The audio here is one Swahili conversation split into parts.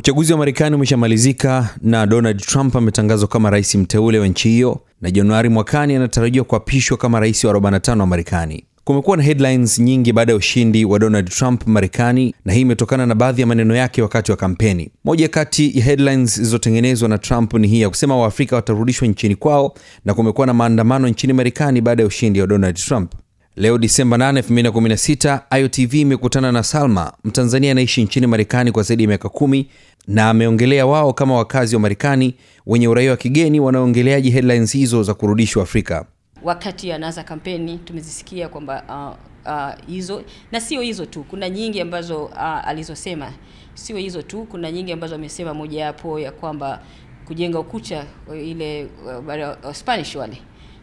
Uchaguzi wa Marekani umeshamalizika na Donald Trump ametangazwa kama rais mteule wa nchi hiyo na Januari mwakani anatarajiwa kuapishwa kama rais wa 45 wa Marekani. Kumekuwa na headlines nyingi baada ya ushindi wa Donald Trump Marekani, na hii imetokana na baadhi ya maneno yake wakati wa kampeni. Moja kati ya headlines zilizotengenezwa na Trump ni hii ya kusema Waafrika watarudishwa nchini kwao, na kumekuwa na maandamano nchini Marekani baada ya ushindi wa Donald Trump. Leo Disemba 8, 2016, IOTV imekutana na Salma, Mtanzania anaishi nchini Marekani kwa zaidi ya miaka kumi, na ameongelea wao kama wakazi wa Marekani wenye uraia wa kigeni wanaongeleaji headlines hizo za kurudishwa Afrika. Wakati anaanza kampeni tumezisikia kwamba uh, uh, hizo na sio hizo tu, kuna nyingi ambazo uh, alizosema sio hizo tu, kuna nyingi ambazo amesema, mojawapo ya kwamba kujenga ukucha ile uh, uh, Spanish wale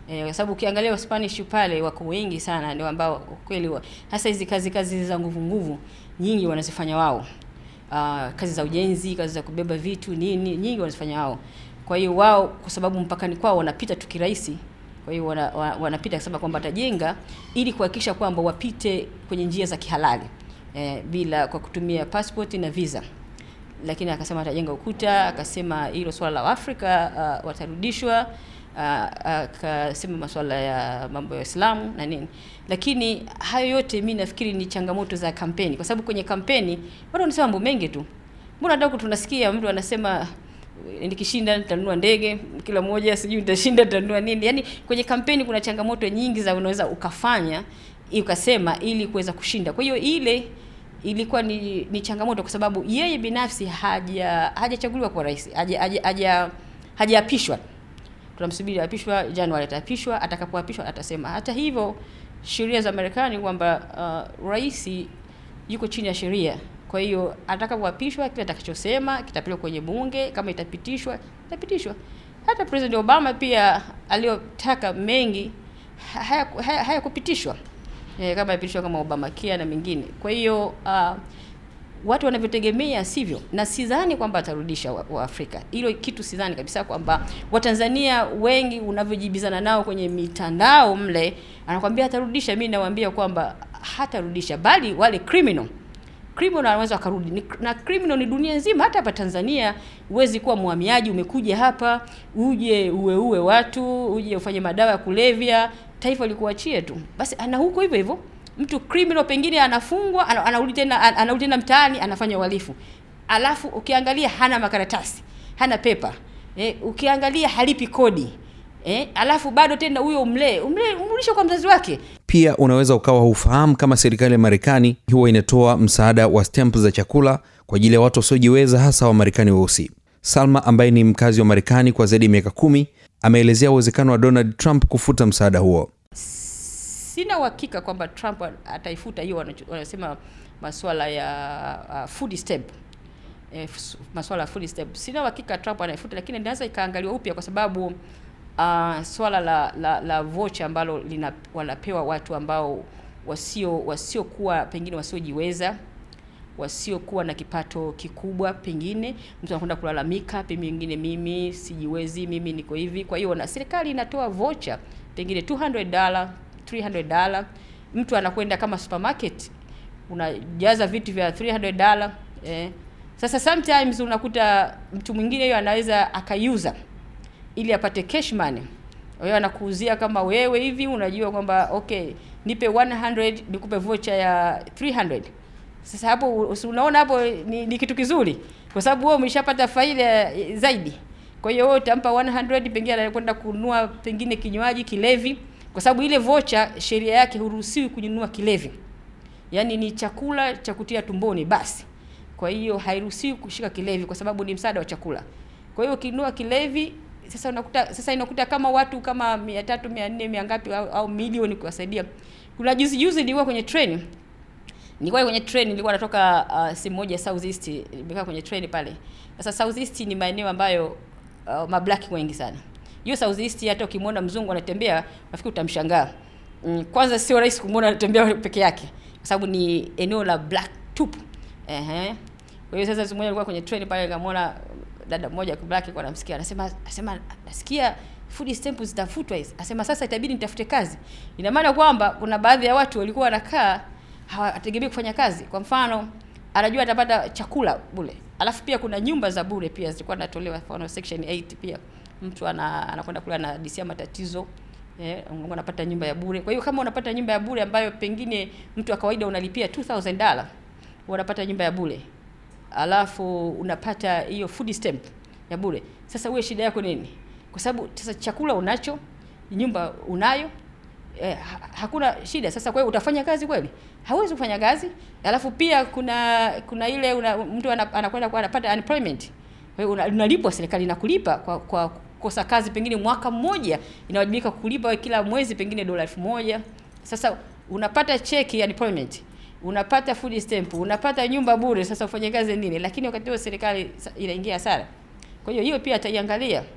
Eh, kwa sababu ukiangalia wa Spanish pale wako wengi sana, ndio ambao kweli hasa hizi kazi kazi za nguvu nguvu nyingi wanazifanya wao. Uh, kazi za ujenzi, kazi za kubeba vitu nini, nyingi wanazifanya wao. Kwa hiyo wao, kwa sababu mpakani kwao wanapita tu kirahisi, kwa hiyo wana, wana, wanapita kusema kwamba watajenga ili kuhakikisha kwamba wapite kwenye njia za kihalali e, bila kwa kutumia passport na visa lakini akasema atajenga ukuta, akasema hilo swala la Afrika uh, watarudishwa akasema uh, uh, masuala ya mambo ya Uislamu na nini, lakini hayo yote mi nafikiri ni changamoto za kampeni, kwa sababu kwenye kampeni watu wanasema mambo mengi tu. Mbona hata huko tunasikia mtu anasema nikishinda nitanunua ndege kila mmoja, sijui nitashinda nitanunua nini. Yani kwenye kampeni kuna changamoto nyingi za unaweza ukafanya ukasema ili kuweza kushinda. Kwa hiyo ile ilikuwa ni, ni changamoto kwa sababu yeye binafsi haja hajachaguliwa kwa rais, hajaapishwa haja hajaapishwa haja tunamsubiri apishwa Januari, atapishwa. Atakapoapishwa atasema. Hata hivyo sheria za Marekani kwamba uh, rais yuko chini ya sheria, kwa hiyo atakapoapishwa kile atakachosema kitapelekwa kwenye bunge, kama itapitishwa itapitishwa. Hata President Obama pia aliyotaka mengi hayakupitishwa haya, haya e, kama yapitishwa kama Obamacare na mengine, kwa hiyo uh, watu wanavyotegemea sivyo, na sidhani kwamba atarudisha Waafrika wa hilo kitu, sidhani kabisa kwamba Watanzania wengi unavyojibizana nao kwenye mitandao mle, anakwambia atarudisha. Mimi nawaambia kwamba hatarudisha, bali wale criminal criminal anaweza akarudi, na criminal ni dunia nzima. Hata hapa Tanzania huwezi kuwa mhamiaji, umekuja hapa uje uweue watu uje ufanye madawa ya kulevya, taifa likuachie tu basi, ana huko hivyo hivyo mtu criminal pengine anafungwa anarudi tena anarudi tena mtaani anafanya uhalifu, alafu ukiangalia hana makaratasi hana pepa eh, ukiangalia halipi kodi eh, alafu bado tena huyo umlee umlee umrudishe kwa mzazi wake. Pia unaweza ukawa hufahamu kama serikali ya Marekani huwa inatoa msaada wa stamp za chakula kwa ajili ya watu wasiojiweza hasa Wamarekani weusi. Salma ambaye ni mkazi wa Marekani kwa zaidi ya miaka kumi ameelezea uwezekano wa Donald Trump kufuta msaada huo sina uhakika kwamba Trump ataifuta hiyo, wanasema masuala ya uh, food stamp E, eh, masuala ya food stamp sina uhakika Trump anaifuta, lakini inaweza ikaangaliwa upya kwa sababu uh, swala la, la, la vocha ambalo lina, wanapewa watu ambao wasio wasiokuwa pengine wasiojiweza wasiokuwa na kipato kikubwa, pengine mtu anakwenda kulalamika, pengine mimi sijiwezi, mimi niko hivi. Kwa hiyo na serikali inatoa vocha pengine 200 dola 300 dola. Mtu anakwenda kama supermarket unajaza vitu vya 300 dola eh. Sasa sometimes unakuta mtu mwingine hiyo anaweza akaiuza ili apate cash money. Wewe anakuuzia kama wewe hivi unajua kwamba okay, nipe 100 nikupe voucher ya 300. Sasa hapo unaona hapo ni, ni kitu kizuri kwa sababu wewe umeshapata faida zaidi. Kwa hiyo wewe utampa 100 pengine anakwenda kununua pengine kinywaji kilevi kwa sababu ile vocha sheria yake huruhusiwi kununua kilevi, yaani ni chakula cha kutia tumboni basi. Kwa hiyo hairuhusiwi kushika kilevi kwa sababu ni msaada wa chakula. Kwa hiyo ukinunua kilevi sasa unakuta sasa inakuta kama watu kama mia tatu mia nne mia ngapi au, au milioni kuwasaidia. Kuna juzi juzi nilikuwa kwenye train, nilikuwa kwenye train, nilikuwa natoka uh, sehemu moja South East, nimekaa kwenye train pale. Sasa South East ni maeneo ambayo uh, mablack wengi sana hiyo South East hata ukimwona mzungu anatembea nafikiri utamshangaa. Mm, kwanza sio rahisi kumwona anatembea peke yake kwa sababu ni eneo la black tupu. Ehe. Kwa hiyo sasa mmoja alikuwa kwenye train pale nikamwona dada mmoja kwa black alikuwa anamsikia anasema anasema nasikia food stamps zitafutwa hizi. Anasema sasa itabidi nitafute kazi. Ina maana kwamba kuna baadhi ya watu walikuwa wanakaa hawategemei kufanya kazi. Kwa mfano, anajua atapata chakula bure. Alafu pia kuna nyumba za bure pia zilikuwa zinatolewa kwa section 8 pia mtu ana, anakwenda kule anadisia matatizo eh, unapata nyumba ya bure. Kwa hiyo kama unapata nyumba ya bure ambayo pengine mtu wa kawaida unalipia 2000 dola, unapata nyumba ya bure alafu unapata hiyo food stamp ya bure. Sasa wewe shida yako nini? Kwa sababu sasa chakula unacho, nyumba unayo eh, hakuna shida. Sasa kwa hiyo utafanya kazi kweli? Hauwezi kufanya kazi. Alafu pia kuna kuna ile una, mtu anakwenda kwa anapata unemployment. Kwa hiyo unalipwa, serikali inakulipa kwa, kwa kukosa kazi pengine mwaka mmoja, inawajibika kulipa kila mwezi pengine dola elfu moja. Sasa unapata cheki ya unemployment, unapata food stamp, unapata nyumba bure, sasa ufanye kazi nini? Lakini wakati huo serikali inaingia hasara. Kwa hiyo hiyo pia ataiangalia.